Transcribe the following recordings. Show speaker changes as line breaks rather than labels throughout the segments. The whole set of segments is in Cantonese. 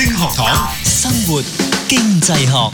學生活經濟
學。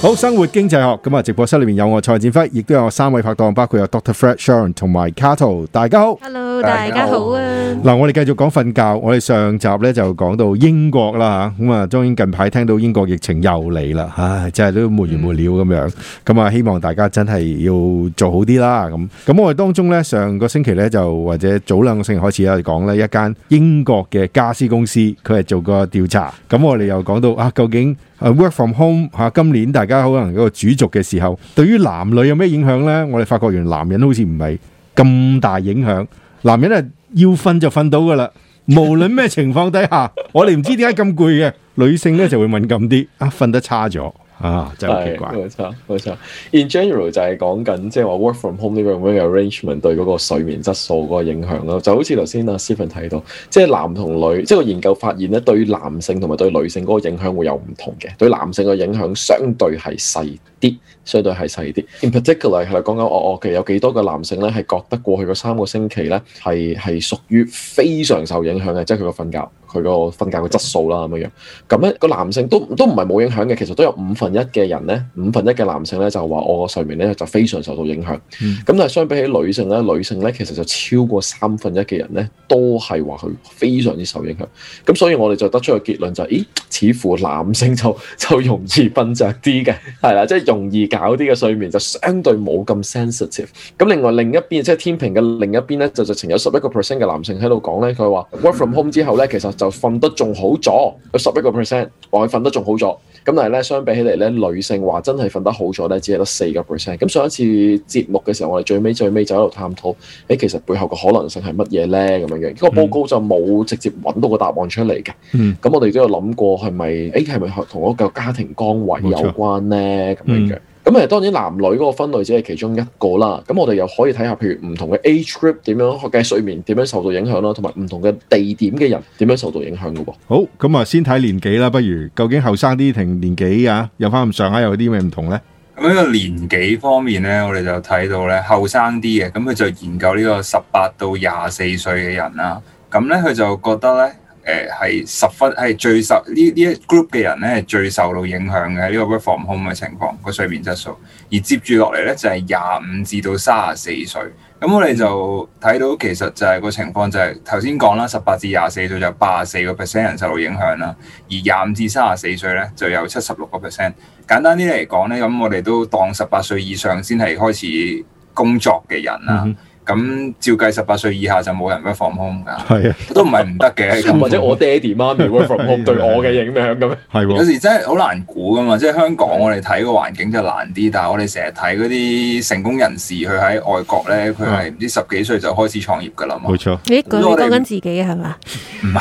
好，生活經濟學咁啊！直播室裏面有我蔡展輝，亦都有我三位拍檔，包括有 Doctor Fred Sharon 同埋 Cattle。大家好，Hello，大家好啊。嗱，我哋繼續講瞓覺。我哋上集咧就講到英國啦嚇，咁啊，當然近排聽到英國疫情又嚟啦，唉，真係都沒完沒了咁樣。咁啊，希望大家真係要做好啲啦。咁咁我哋當中咧，上個星期咧就或者早兩個星期開始啦，講咧一間英國嘅傢俬公司，佢係做過調查。咁我哋又講到啊，究竟 work from home 嚇今年大家可能嗰個主軸嘅時候，對於男女有咩影響咧？我哋發覺原來男人好似唔係咁大影響，男人咧，要瞓就瞓到㗎喇，無論咩情況底下， 我哋唔知點解咁攰嘅女性呢就會敏感啲啊，瞓得差咗。
啊，真係奇怪，冇錯冇錯。In general 就係講緊，即係話 work from home 呢個 work arrangement 對嗰個睡眠質素嗰個影響咯。就好似頭先阿 Stephen 睇到，即係男同女，即係個研究發現咧，對男性同埋對女性嗰個影響會有唔同嘅。對男性嘅影響相對係細啲，相對係細啲。In particular 係啦講緊，我我嘅有幾多個男性咧係覺得過去個三個星期咧係係屬於非常受影響嘅，即係佢個瞓覺。佢個瞓覺嘅質素啦咁樣樣，咁、那、咧個男性都都唔係冇影響嘅，其實都有五分一嘅人咧，五分一嘅男性咧就話我嘅睡眠咧就非常受到影響。咁、嗯、但係相比起女性咧，女性咧其實就超過三分一嘅人咧都係話佢非常之受影響。咁所以我哋就得出個結論就係、是，咦？似乎男性就就容易瞓着啲嘅，係啦，即係容易搞啲嘅睡眠就相對冇咁 sensitive。咁另外另一邊即係天平嘅另一邊咧，就就曾有十一個 percent 嘅男性喺度講咧，佢話 work from home 之後咧，其實就瞓得仲好咗，有十一個 percent 我瞓得仲好咗，咁但係咧相比起嚟咧，女性話真係瞓得好咗咧，只係得四個 percent。咁上一次節目嘅時候，我哋最尾最尾就喺度探討，誒、欸、其實背後嘅可能性係乜嘢咧？咁樣樣個報告就冇直接揾到個答案出嚟嘅。咁、嗯、我哋都有諗過係咪？誒係咪同嗰個家庭崗位有關咧？咁、嗯、樣嘅。咁啊，當然男女嗰個分類只係其中一個啦。咁我哋又可以睇下，譬如唔同嘅 age group 點樣嘅睡眠點樣受到影響啦，同埋唔同嘅地點嘅人點樣受到影響嘅喎。
好，咁啊，先睇年紀啦。不如究竟後生啲定年紀啊？有翻咁上下有啲咩唔同咧？
咁呢個年紀方面咧，我哋就睇到咧後生啲嘅，咁佢就研究呢個十八到廿四歲嘅人啦。咁咧，佢就覺得咧。誒係、呃、十分係最受呢呢一 group 嘅人咧，係最受到影響嘅呢個 work from home 嘅情況，個睡眠質素。而接住落嚟咧，就係廿五至到三十四歲。咁我哋就睇到其實就係個情況就係頭先講啦，十八至廿四歲就八十四個 percent 人受到影響啦。而廿五至三十四歲咧，就有七十六個 percent。簡單啲嚟講咧，咁我哋都當十八歲以上先係開始工作嘅人啦、啊。嗯咁照計，十八歲以下就冇人 work from home 㗎。係啊的，都唔係唔得嘅。咁 或者我爹哋媽咪 work from home 對我嘅影響咁。係的 有時真係好難估㗎嘛。即係香港我哋睇個環境就難啲，但係我哋成日睇嗰啲成功人士，佢喺外國咧，佢係唔知十幾歲就開始創業㗎啦嘛。冇錯，你講緊
自己係嘛？唔
係。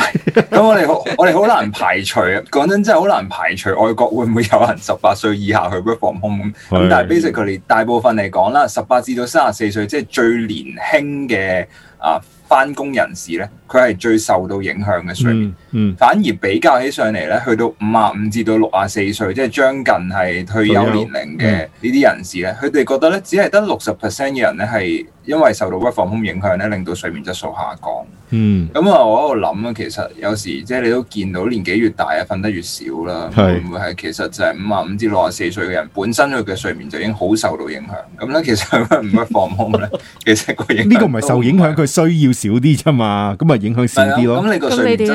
咁 我哋好，我哋好難排除。講 真，真係好難排除外國會唔會有人十八歲以下去 work from home。咁 但係 basically 大部分嚟講啦，十八至到三十四歲即係最年輕嘅啊！翻工人士咧，佢係最受到影響嘅睡眠。嗯嗯、反而比較起上嚟咧，去到五啊五至到六啊四歲，即係將近係退休年齡嘅呢啲人士咧，佢哋、嗯、覺得咧，只係得六十 percent 嘅人咧係因為受到屈放空影響咧，令到睡眠質素下降。嗯，咁啊，我喺度諗啊，其實有時即係你都見到年紀越大啊，瞓得越少啦。係是會唔會係其實就係五啊五至六十四歲嘅人本身佢嘅睡眠就已經好受到影響？咁咧，其實唔屈放空咧， 其實個影呢個唔係受
影響，佢是需要。少啲啫嘛，咁咪影響少啲咯。咁、啊、你個我冇乜點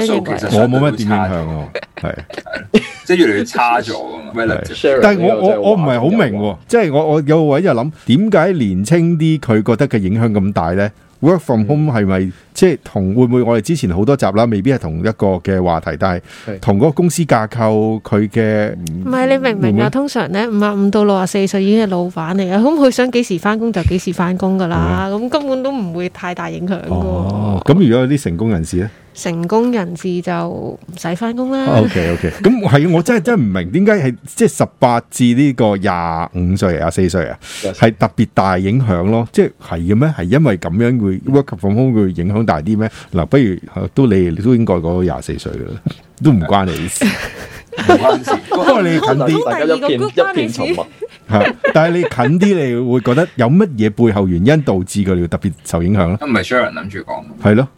影響喎、啊，
即係越嚟越差咗啊但係 我我我
唔係好明喎，即係我我有個位就諗點解年輕啲佢覺得佢影響咁大咧？Work from home 係咪即係同會唔會我哋之前好多集啦，未必係同一個嘅話題，但係同嗰個公司架構佢嘅唔係你明唔明啊？通
常咧五啊五到六十四歲已經係老闆嚟啊，咁佢想幾時返工就幾時返工㗎啦，咁 根本都唔會太大影響㗎。哦。
咁如果有啲成功人士咧？
成功人士就唔使翻工啦。OK，OK。
咁係我真係真係唔明，點解係即係十八至呢個廿五歲、廿四歲啊，係歲特別大影響咯。即係係嘅咩？係因為咁樣會 work from home 會影響大啲咩？嗱，不如都你都應該過廿四歲噶啦，都唔關你事。
唔關事，不過你近啲，大家一見一見寵物
係，但係你近啲，你會覺得有乜嘢背後原因導致佢哋特別受影響咧？
唔係 Sharon 諗住講，
係咯？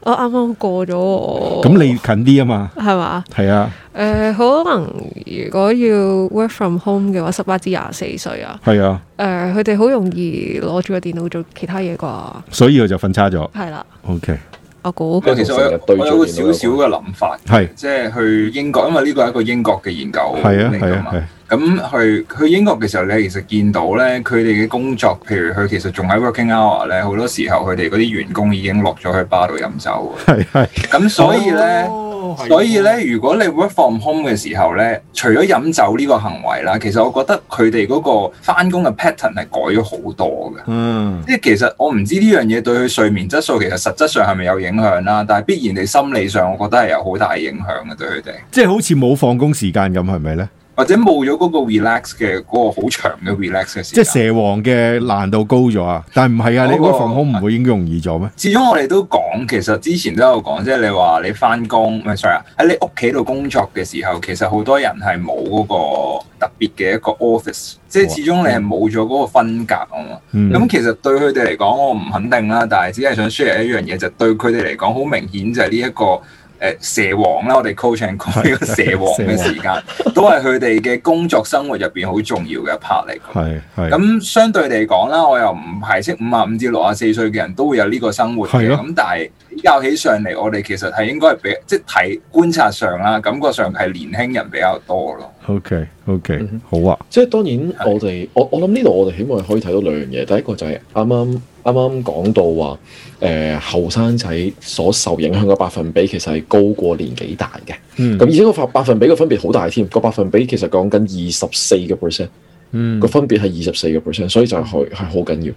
我啱啱過咗，我咁
你近啲啊嘛，係嘛？係啊，
誒，可能如果要 work from home 嘅話，十八至廿四歲啊，係啊，誒，佢哋好容易攞住個電腦做其他嘢啩，
所以我就瞓差咗，係啦，OK。
其實我有我有個少少嘅諗法，係是即係去英國，因為呢個係一個英國嘅研究嚟㗎嘛。咁、啊啊啊、去去英國嘅時候咧，其實見到咧，佢哋嘅工作，譬如佢其實仲喺 working hour 咧，好多時候佢哋嗰啲員工已經落咗去 bar 度飲酒。係係、啊，咁、啊、所以咧。 所以咧，如果你 work from home 嘅時候咧，除咗飲酒呢個行為啦，其實我覺得佢哋嗰個翻工嘅 pattern 係改咗好多嘅。嗯，即係其實我唔知呢樣嘢對佢睡眠質素其實實質上係咪有影響啦，但係必然你心理上，我覺得係有好大影響嘅對佢哋。
即係好似冇放工時間咁，係咪咧？
或者冇咗嗰個 relax 嘅嗰個好長嘅 relax 嘅時
間，即係蛇王嘅難度高咗啊！但係唔係啊，那個、你覺得放空唔會已經容易咗咩？
始終我哋都講，其實之前都有講，即、就、係、是、你話你翻工唔係 sorry 啊，喺你屋企度工作嘅時候，其實好多人係冇嗰個特別嘅一個 office，即係始終你係冇咗嗰個分隔啊嘛。咁、嗯、其實對佢哋嚟講，我唔肯定啦。但係只係想 share 一樣嘢，就是、對佢哋嚟講，好明顯就係呢一個。誒、呃、蛇王啦，我哋 coaching c 呢個蛇王嘅時間， 都係佢哋嘅工作生活入邊好重要嘅一 part 嚟。係。
係咁
相對嚟講啦，我又唔排斥五十五至六十四歲嘅人都會有呢個生活嘅。咁的，但係比較起上嚟，我哋其實係應該係比較，即係睇觀察上啦，感覺上係年輕人比較多咯。
OK OK，、嗯、哼好啊。
即係當然我哋我我諗呢度我哋起碼可以睇到兩樣嘢。第一個就係啱啱。啱啱講到話，誒後生仔所受影響嘅百分比其實係高過年紀大嘅。咁、嗯、而且個百分比個分別好大添，個百分比其實講緊二十四個 percent。嗯。個分別係二十四個 percent，所以就係係好緊要。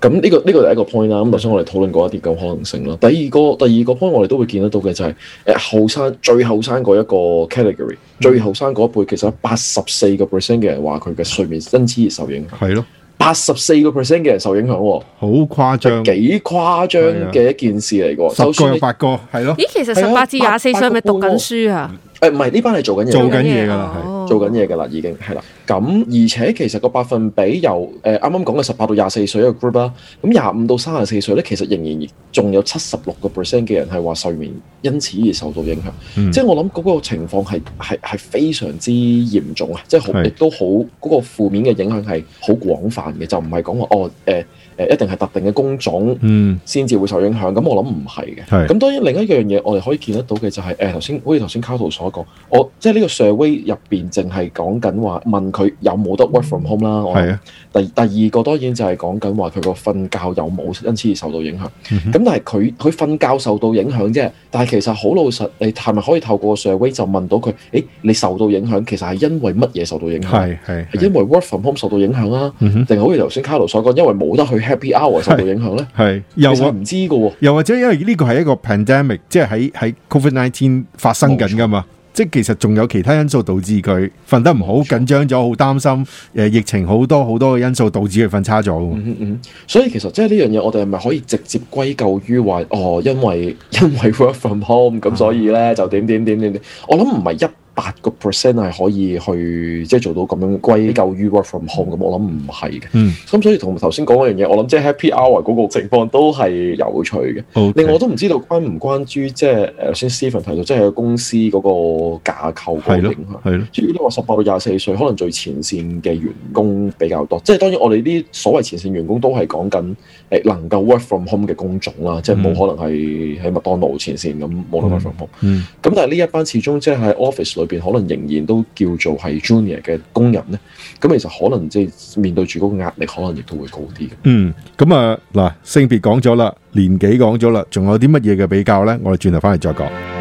咁呢、呢個呢、呢個就第一個 point 啦。咁頭先我哋討論過一啲咁可能性啦。第二個第二個 point 我哋都會見得到嘅就係誒後生最後生嗰一個 category，、嗯、最後生嗰一輩其實八十四個 percent 嘅人話佢嘅睡眠因此受影響。係咯。八十四個 percent 嘅人受影響，好誇張，幾誇張嘅一件事嚟嘅喎。十個有八個係咯。啊、咦，其實十八至廿四歲係咪讀緊書啊？誒唔係，呢班係、啊啊、做，做緊嘢，做緊嘢㗎啦，係、啊。做緊嘢㗎啦，已經係啦。咁而且其實個百分比由誒啱啱講嘅十八到廿四歲一個 group 啦，咁廿五到三十四歲咧，其實仍然仲有七十六個 percent 嘅人係話睡眠因此而受到影響。嗯、即係我諗嗰個情況係係係非常之嚴重啊！即係亦是的 都好嗰、嗰個負面嘅影響係好廣泛嘅，就唔係講話哦誒。呃誒一定係特定嘅工種，嗯，先至會受影響。咁、嗯、我諗唔係嘅。係是。咁當然另一樣嘢，我哋可以見得到嘅就係、是，誒頭先好似頭先卡圖所講，我即係呢個 survey 入邊，淨係講緊話問佢有冇得 work from home 啦、啊。係第第二個當然就係講緊話佢個瞓覺有冇因此而受到影響。咁、嗯、哼但係佢佢瞓覺受到影響啫。但係其實好老實，你係咪可以透過 survey 就問到佢？誒、欸，你受到影響其實係因為乜嘢受到影響？係因為 work from home 受到影響啦、啊。定、嗯、哼好似頭先卡圖所講，因為冇得去。Happy hour 受到影響咧，
係又我唔知嘅，又或者因為呢個係一個 pandemic，即係喺喺 Covid nineteen 發生緊噶嘛，冇錯即係其實仲有其他因素導致佢瞓得唔好，冇錯緊張咗，好擔心，誒、呃、疫情好多好多嘅因素導致佢瞓差咗。嗯，嗯，所以其實即係呢樣嘢，我哋係咪可以直接歸咎於話，哦，因為
因為 work from home 咁，所以咧係嘅就點點點點點，我諗唔係一。八個 percent 係可以去即係做到咁樣歸咎於 work from home 咁，嗯，我諗唔係嘅。嗯，咁所以同頭先講嗰樣嘢，我諗即係 happy hour 嗰個情況都係有趣嘅。Okay, 另外我都唔知道關唔關於即係誒先 Stephen 提到即係公司嗰個架構嗰個影響，係咯。主要都話十八到廿四歲，可能最前線嘅員工比較多。即係當然我哋啲所謂前線員工都係講緊誒能夠 work from home 嘅工種啦，嗯、即係冇可能係喺麥當勞前線咁冇得 work from home。嗯，咁、嗯、但係呢一班始終即係 office 入邊可能仍然都叫做係 junior 嘅工人咧，咁其實可能即係面對住嗰個壓力，可能亦都會
高啲、嗯。嗯，咁啊，嗱，性別講咗啦，年紀講咗啦，仲有啲乜嘢嘅比較咧？我哋轉頭翻嚟再講。